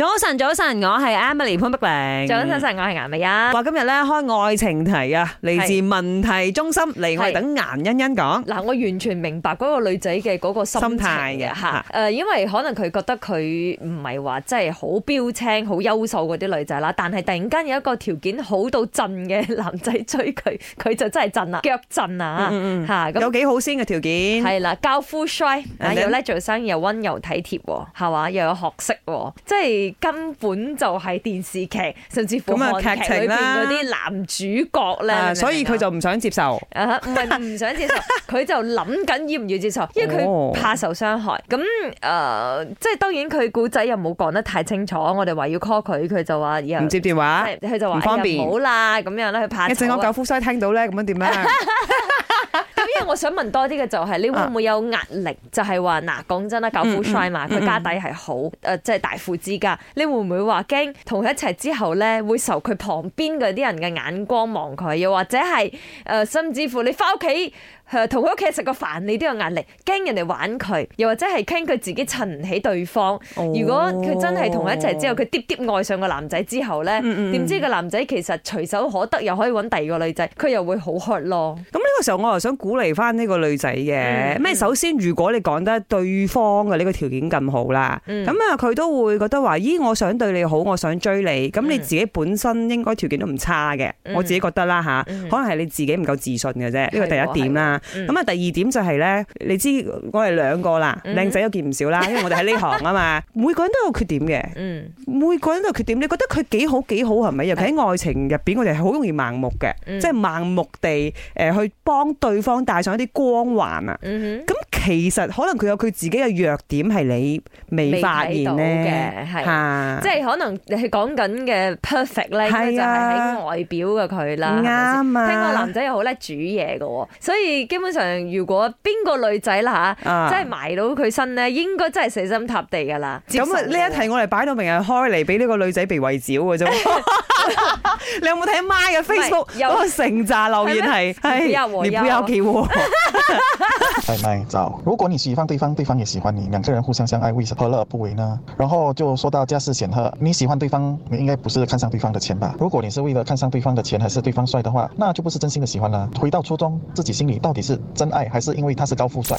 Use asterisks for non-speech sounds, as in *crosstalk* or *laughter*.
早晨，早晨，我係 Emily 潘碧玲。早晨，早晨，我係顏美欣。話今日咧開愛情題啊，嚟自問題中心嚟，是來我等顏欣欣講。嗱，我完全明白嗰個女仔嘅嗰個心態嘅吓。誒，因為可能佢覺得佢唔係話真係好標青、好優秀嗰啲女仔啦，但係突然間有一個條件好到震嘅男仔追佢，佢就真係震啊，腳震啊。吓、嗯嗯。有幾好先嘅條件？係啦，高富帥，又叻做生意，又溫柔體貼，係嘛，又有學識，即係。根本就係電視劇，甚至乎劇情，裡面劇情啦嗰啲男主角咧，所以佢就唔想，、啊、想接受。啊，唔係唔想接受，佢就諗緊要唔要接受，因為佢怕受傷害。咁誒、哦呃，即係當然佢古仔又冇講得太清楚。我哋話要 call 佢，佢就話唔接電話，佢就話唔方便、哎，唔好啦咁樣咧，怕一陣我狗夫妻聽到咧，咁樣點咧？ *laughs* 我想問多啲嘅就係你會唔會有壓力？啊、就係話嗱，講真啦，教父 y, s 嘛、嗯嗯，佢家底係好誒，即係、嗯嗯呃、大富之家。你會唔會話驚同佢一齊之後咧，會受佢旁邊嗰啲人嘅眼光望佢？又或者係誒、呃，甚至乎你翻屋企同佢屋企食個飯，你都有壓力，驚人哋玩佢，又或者係驚佢自己襯唔起對方。哦、如果佢真係同佢一齊之後，佢跌跌愛上個男仔之後咧，點、嗯嗯、知個男仔其實隨手可得，又可以揾第二個女仔，佢又會好 h u r t 咯。咁呢個時候，我又想鼓勵。翻呢個女仔嘅咩？嗯嗯、首先，如果你講得對方嘅呢個條件咁好啦，咁啊、嗯，佢都會覺得話：咦，我想對你好，我想追你。咁你自己本身應該條件都唔差嘅，嗯、我自己覺得啦吓，可能係你自己唔夠自信嘅啫。呢個、嗯、第一點啦。咁啊，嗯、第二點就係、是、咧，你知我哋兩個啦，靚仔都見唔少啦，因為我哋喺呢行啊嘛， *laughs* 每個人都有缺點嘅。嗯、每個人都有缺點。你覺得佢幾好幾好係咪？尤其喺愛情入邊，我哋係好容易盲目嘅，即係、嗯、盲目地誒去幫對方。帶上一啲光環啊！咁其實可能佢有佢自己嘅弱點，係你未發現到嘅，係即係可能你係講緊嘅 perfect 咧，就係喺外表嘅佢啦。啱啊！聽個男仔又好叻煮嘢嘅，所以基本上如果邊個女仔啦吓，即係埋到佢身咧，應該真係死心塌地噶啦。咁啊，呢一題我哋擺到明日開嚟，俾呢個女仔被圍剿嘅啫。 *laughs* *laughs* 你有冇睇媽嘅 Facebook 嗰個成扎留言係係，你不要給我係咪就，如果你喜歡對方，對方也喜歡你，兩個人互相相愛，為什麼樂而不為呢？然後就說到家世顯赫，你喜歡對方，你應該不是看上對方的錢吧？如果你是為了看上對方的錢，還是對方帥的話，那就不是真心的喜歡了。回到初衷，自己心裏到底是真愛，還是因為他是高富帥？